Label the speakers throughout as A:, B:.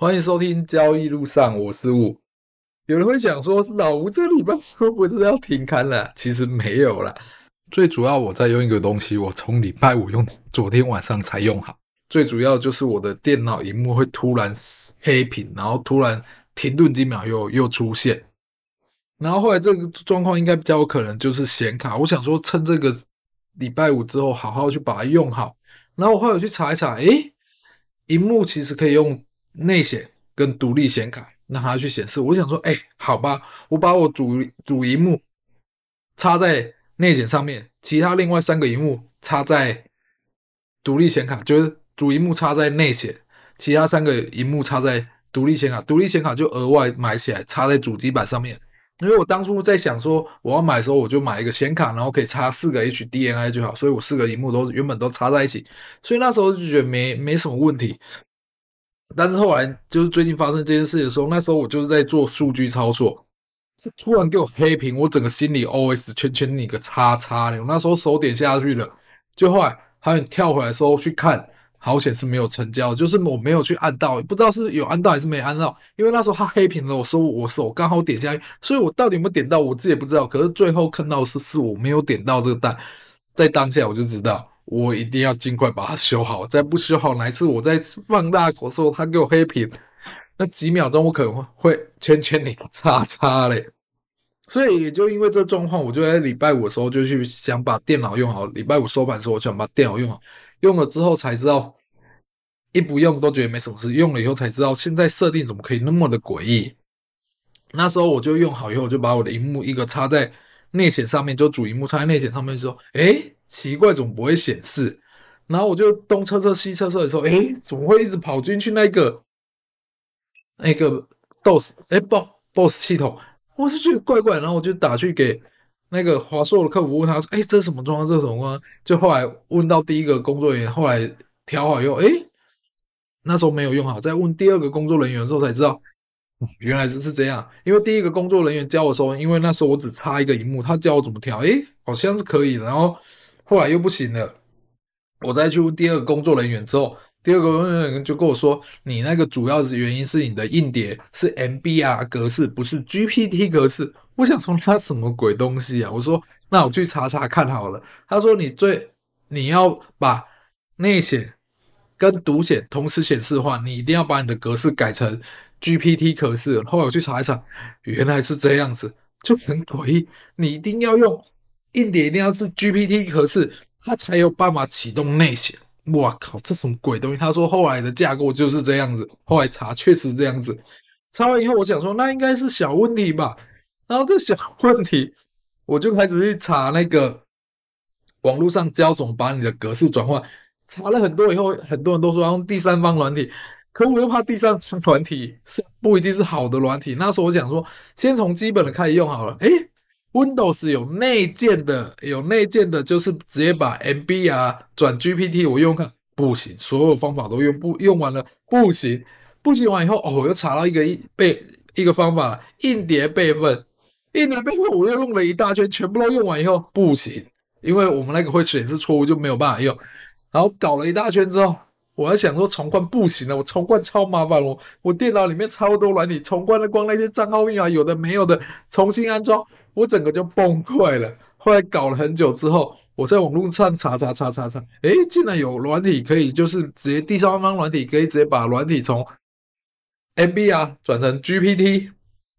A: 歡迎收聽交易路上，我是吳。有人會想說，老吳這禮拜是不是要停刊了？其實沒有啦。最主要我在用一個東西，我從禮拜五用，昨天晚上才用好。最主要就是我的電腦熒幕會突然黑屏，然後突然停頓幾秒又，又又出現。然後後來這個狀況應該比較有可能就是顯卡。我想說，趁這個禮拜五之後，好好去把它用好。然後我後來我去查一查，誒，熒幕其實可以用。內顯跟獨立顯卡，讓它去顯示。我想說，哎、欸，好吧，我把我主主熒幕插在內顯上面，其他另外三個熒幕插在獨立顯卡，就是主熒幕插在內顯，其他三個熒幕插在獨立顯卡。獨立顯卡就額外買起來插在主機板上面。因為我當初在想說，我要買的時候我就買一個顯卡，然後可以插四個 HDMI 就好，所以我四個熒幕都原本都插在一起，所以那時候就覺得沒沒什麼問題。但是後來就是最近發生這件事的時候，那時候我就是在做數據操作，他突然給我黑屏，我整個心裡 OS 圈圈你個叉叉的，我那時候手點下去了，就後來還有跳回來的時候去看，好險是沒有成交，就是我沒有去按到，不知道是有按到還是沒按到，因為那時候他黑屏了，我說我，我手剛好點下去，所以我到底有沒有點到我自己也不知道。可是最後看到是，是，是我沒有點到這個單，在當下我就知道。我一定要盡快把它修好，再不修好，哪一次我再放大口說，它給我黑屏，那幾秒鐘我可能會圈圈你叉叉嘞。所以也就因為這狀況，我就在禮拜五的時候就去想把電腦用好。禮拜五收盤的時候，我想把電腦用好，用了之後才知道，一不用都覺得沒什麼事，用了以後才知道現在設定怎麼可以那麼的詭異。那時候我就用好以後，我就把我的屏幕一個插在內顯上面，就主屏幕插在內顯上面說誒？奇怪，總不會顯示。然後我就東測測西測測的時候，哎、嗯欸，怎麼會一直跑進去那個那個 DOS 哎、欸、boss boss 系統，我是覺得怪怪。然後我就打去給那個華碩的客服，問他說，哎、欸，這是什麼狀況？這是什麼狀況？就後來問到第一個工作人員，後來調好以後，哎、欸，那時候沒有用好。再問第二個工作人員的時候才知道，嗯、原來是是這樣。因為第一個工作人員教我說，因為那時候我只插一個熒幕，他教我怎麼調，哎、欸，好像是可以的，然後後來又不行了，我再去問第二個工作人員之後，第二個工作人員就跟我說：“你那個主要是原因是你的硬碟是 MBR 格式，不是 GPT 格式。”我想說他什麼鬼東西啊！我說：“那我去查查看好了。”他說：“你最你要把內顯跟獨顯同時顯示的話，你一定要把你的格式改成 GPT 格式。”後來我去查一查，原來是這樣子，就很詭異。你一定要用。硬碟一定要是 GPT 格式，它才有辦法啟動內顯。哇靠，這什麼鬼東西？他說後來的架構就是這樣子，後來查確實這樣子。查完以後，我想說那應該是小問題吧。然後這小問題，我就開始去查那個網絡上教怎麼把你的格式轉換。查了很多以後，很多人都說要用第三方軟體，可我又怕第三方軟體是不一定是好的軟體。那時候我想說，先從基本的開始用好了。誒。Windows 有內建的，有內建的，就是直接把 MBR 轉 GPT，我用看不行，所有方法都用不用完了不行，不行完以後哦，我又查到一個一備一個方法，硬碟備份，硬碟備份我又弄了一大圈，全部都用完以後不行，因為我們那個會顯示錯誤，就沒有辦法用。然後搞了一大圈之後，我還想說重灌不行了，我重灌超麻煩哦，我電腦裡面超多軟體，重灌了光那些賬號密碼有的沒有的，重新安裝。我整個就崩潰了。後來搞了很久之後，我在網絡上查查查查查，誒，竟然有軟體可以，就是直接第三方軟體可以直接把軟體從 MBR 轉成 GPT。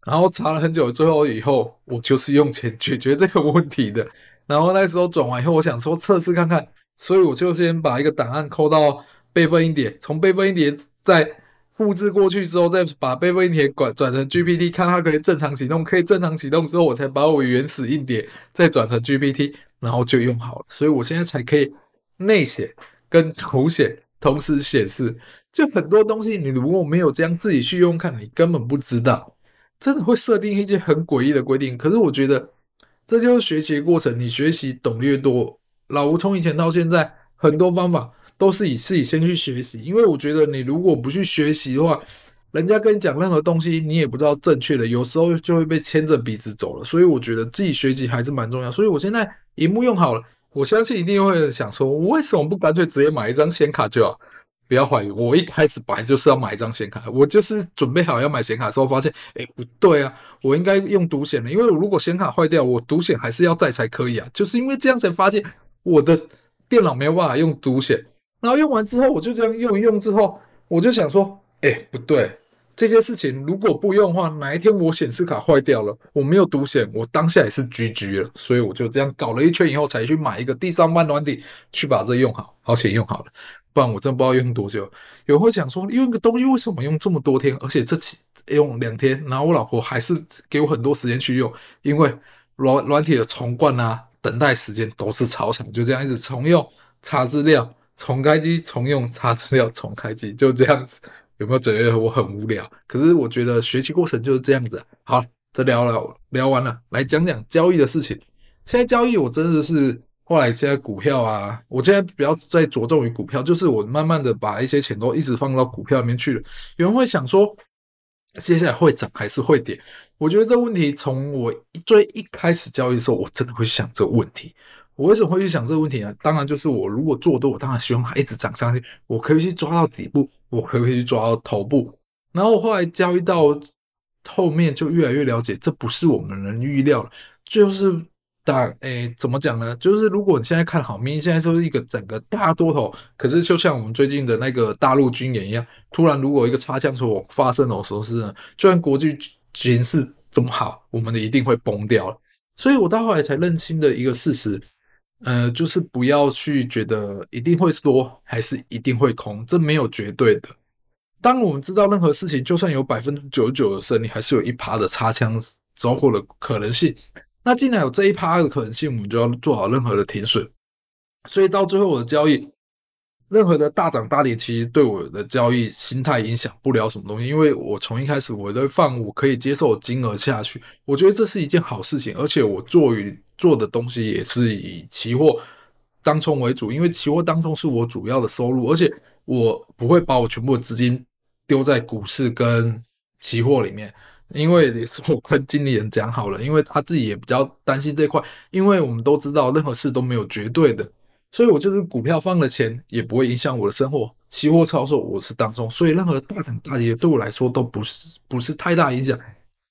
A: 然後查了很久，最後以後我就是用錢解決這個問題的。然後那時候轉完以後，我想說測試看看，所以我就先把一個檔案扣到備份一點，從備份一點再。複製過去之後，再把備份硬碟轉成 GPT，看它可以正常啟動。可以正常啟動之後，我才把我原始硬碟再轉成 GPT，然後就用好了。所以我現在才可以內顯跟獨顯同時顯示。就很多東西，你如果沒有這樣自己去用看，你根本不知道，真的會設定一些很詭異的規定。可是我覺得這就是學習過程，你學習懂得越多。老吳從以前到現在，很多方法，都是以自己先去學習，因為我覺得你如果不去學習的話，人家跟你講任何東西，你也不知道正確的，有時候就會被牽着鼻子走了。所以我覺得自己學習還是蠻重要。所以我現在熒幕用好了，我相信一定會想說，我為什麼不乾脆直接買一張顯卡就好？不要懷疑，我一開始本來就是要買一張顯卡，我就是準備好要買顯卡的時候發現，哎，不對啊，我應該用獨顯的，因為我如果顯卡壞掉，我獨顯還是要在才可以啊。就是因為這樣才發現我的電腦沒有辦法用獨顯。然後用完之後，我就這樣用一用之後，我就想說，哎、欸，不對，這件事情如果不用的話，哪一天我顯示卡壞掉了，我沒有獨顯，我當下也是 GG 了。所以我就這樣搞了一圈以後，才去買一個第三方軟體去把這用好，好險用好了，不然我真不知道用多久。有人會想說，用一個東西為什麼用這麼多天？而且這次用兩天，然後我老婆還是給我很多時間去用，因為軟軟體的重灌啊，等待時間都是超長，就這樣一直重用查資料。重開機，重用查資料，重開機，就這樣子，有沒有覺得我很無聊？可是我覺得學習過程就是這樣子。好，這聊了，聊完了，來講講交易的事情。現在交易，我真的是後來現在股票啊，我現在比較在着重於股票，就是我慢慢的把一些錢都一直放到股票裡面去了。有人會想說，接下來會漲還是會跌？我覺得這問題從我最一開始交易的時候，我真的會想這個問題。我為什麼會去想這個問題呢？當然就是我如果做多，我當然希望它一直漲上去，我可以去抓到底部，我可以去抓到頭部。然後後來交易到後面就越來越了解，這不是我們能預料了。就是但誒、欸、怎麼講呢？就是如果你現在看好，明明現在就是一個整個大多頭，可是就像我們最近的那個大陸軍演一樣，突然如果一個擦槍走火發生某種事，就算國際局勢這麼好，我們的一定會崩掉。所以我到後來才認清的一個事實。呃，就是不要去覺得一定會多還是一定會空，這沒有絕對的。當我們知道任何事情，就算有百分之九十九的勝率，還是有一趴的擦槍走火的可能性。那既然有這一趴的可能性，我們就要做好任何的停損。所以到最後，我的交易。任何的大漲大跌，其實對我的交易心態影響不了什麼東西，因為我從一開始我都放我可以接受的金額下去，我覺得這是一件好事情，而且我做於做的東西也是以期貨當沖為主，因為期貨當沖是我主要的收入，而且我不會把我全部的資金丟在股市跟期貨裡面，因為也是我跟經理人講好了，因為他自己也比較擔心這塊，因為我們都知道任何事都沒有絕對的。所以，我就是股票放了錢，也不會影響我的生活。期貨操作我是當中，所以任何大漲大跌對我來說都不是不是太大影響。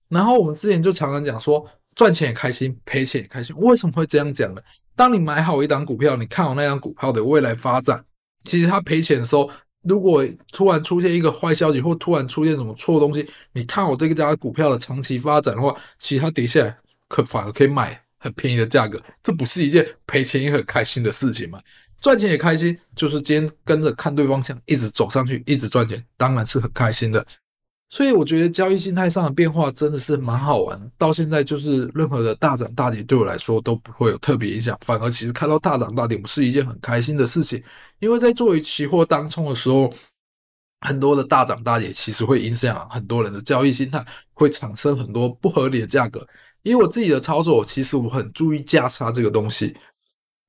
A: 然後我們之前就常常講說，賺錢也開心，賠錢也開心。為什麼會這樣講呢？當你買好一檔股票，你看好那檔股票的未來發展，其實它賠錢的時候，如果突然出現一個壞消息，或突然出現什麼錯的東西，你看好這個家股票的長期發展的話，其實它跌下來可反而可以買。很便宜的價格，這不是一件賠錢也很開心的事情嗎？賺錢也開心，就是今天跟着看對方向，一直走上去，一直賺錢，當然是很開心的。所以我覺得交易心態上的變化真的是蠻好玩。到現在就是任何的大漲大跌對我來說都不會有特別影響，反而其實看到大漲大跌不是一件很開心的事情，因為在作為期貨當沖的時候，很多的大漲大跌其實會影響很多人的交易心態，會產生很多不合理的價格。因為我自己的操作，其實我很注意價差這個東西。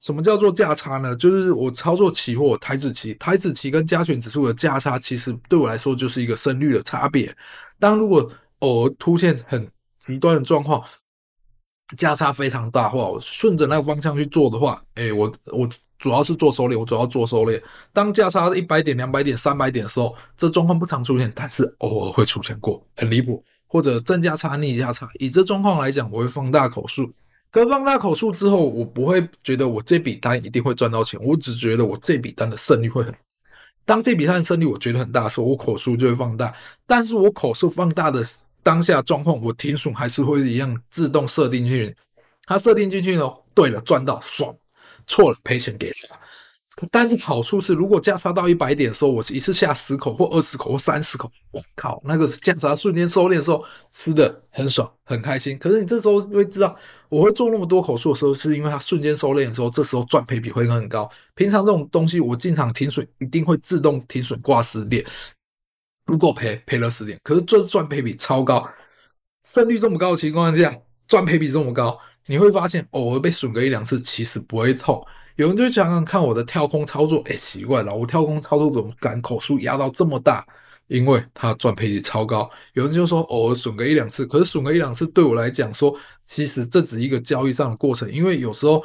A: 什麼叫做價差呢？就是我操作期貨，台指期、台指期跟加權指數的價差，其實對我來說就是一個勝率的差別。當如果偶爾出現很極端的狀況，價差非常大的話，我順着那個方向去做的話，哎、欸，我我主要是做收斂，我主要做收斂。當價差一百點、兩百點、三百點的時候，這狀況不常出現，但是偶爾會出現過，很離譜。或者正價差逆價差，以這狀況來講，我會放大口數。可放大口數之後，我不會覺得我這筆單一定會賺到錢，我只覺得我這筆單的勝率會很。當這筆單的勝率我覺得很大的時候，我口數就會放大。但是我口數放大的當下狀況，我停損還是會一樣自動設定進去。它設定進去呢，對了賺到爽，錯了賠錢給你。但是好處是，如果價差到一百點的時候，我一次下十口或二十口或三十口，我靠，那個價差瞬間收斂的時候，吃的很爽，很開心。可是你這時候會知道，我會做那麼多口數的時候，是因為它瞬間收斂的時候，這時候賺賠比會很高。平常這種東西，我進場停損一定會自動停損掛十點，如果賠賠了十點，可是賺賺賠比超高，勝率這麼高的情況下，賺賠比這麼高，你會發現偶爾被損個一兩次，其實不會痛。有人就常常看我的跳空操作，哎，奇怪了，我跳空操作怎麼敢口數壓到這麼大？因為它賺賠率超高。有人就說偶爾損個一兩次，可是損個一兩次對我來講說，其實這只是一個交易上的過程。因為有時候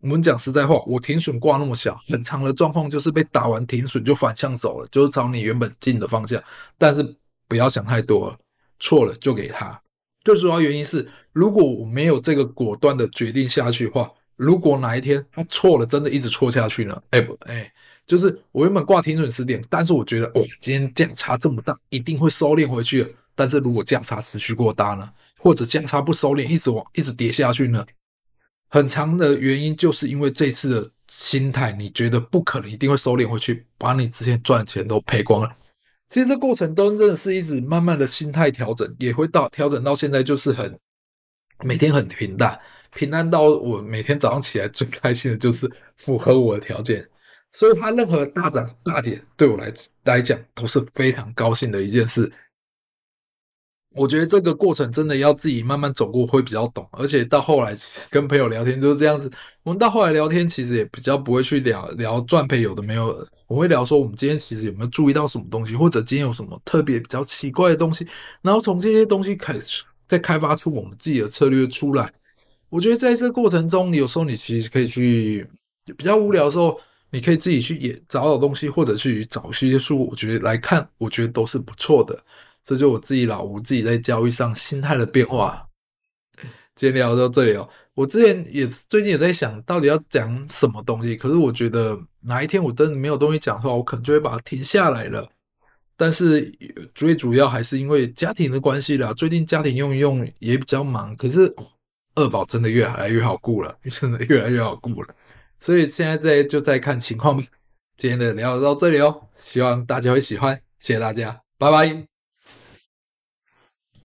A: 我們講實在話，我停損掛那麼小，很常的狀況就是被打完停損就反向走了，就是朝你原本進的方向。但是不要想太多了，錯了就給他。最主要原因是，如果我沒有這個果斷的決定下去的話。如果哪一天他錯了，真的一直錯下去呢？哎、欸、不哎、欸，就是我原本掛停損十點，但是我覺得哦，今天價差這麼大，一定會收斂回去。但是如果價差持續過大呢，或者價差不收斂，一直往一直跌下去呢，很長的原因就是因為這次的心態，你覺得不可能一定會收斂回去，把你之前賺的錢都賠光了。其實這過程都真的是一直慢慢的心態調整，也會到調整到現在就是很每天很平淡。平安到我每天早上起來最開心的就是符合我的條件，所以它，任何大漲大跌對我來來講都是非常高興的一件事。我覺得這個過程真的要自己慢慢走過會比較懂，而且到後來跟朋友聊天就是這樣子。我們到後來聊天其實也比較不會去聊聊賺賠、有的沒有，我會聊說我們今天其實有沒有注意到什麼東西，或者今天有什麼特別比較奇怪的東西，然後從這些東西開始再開發出我們自己的策略出來。我覺得在這個過程中，你有時候你其實可以去比較無聊的時候，你可以自己去也找找東西，或者去找一些書，我覺得來看，我覺得都是不錯的。這就我自己老吳自己在交易上心態的變化。今天聊到這裡哦，我之前也最近也在想到底要講什麼東西，可是我覺得哪一天我真的沒有東西講的話，我可能就會把它停下來了。但是最主要還是因為家庭的關係啦，最近家庭用一用也比較忙，可是。二寶真的越來越好顧了，真的越來越好顧了，所以現在就在就再看情況吧。今天的聊到這裡哦，希望大家會喜歡，謝謝大家，拜拜。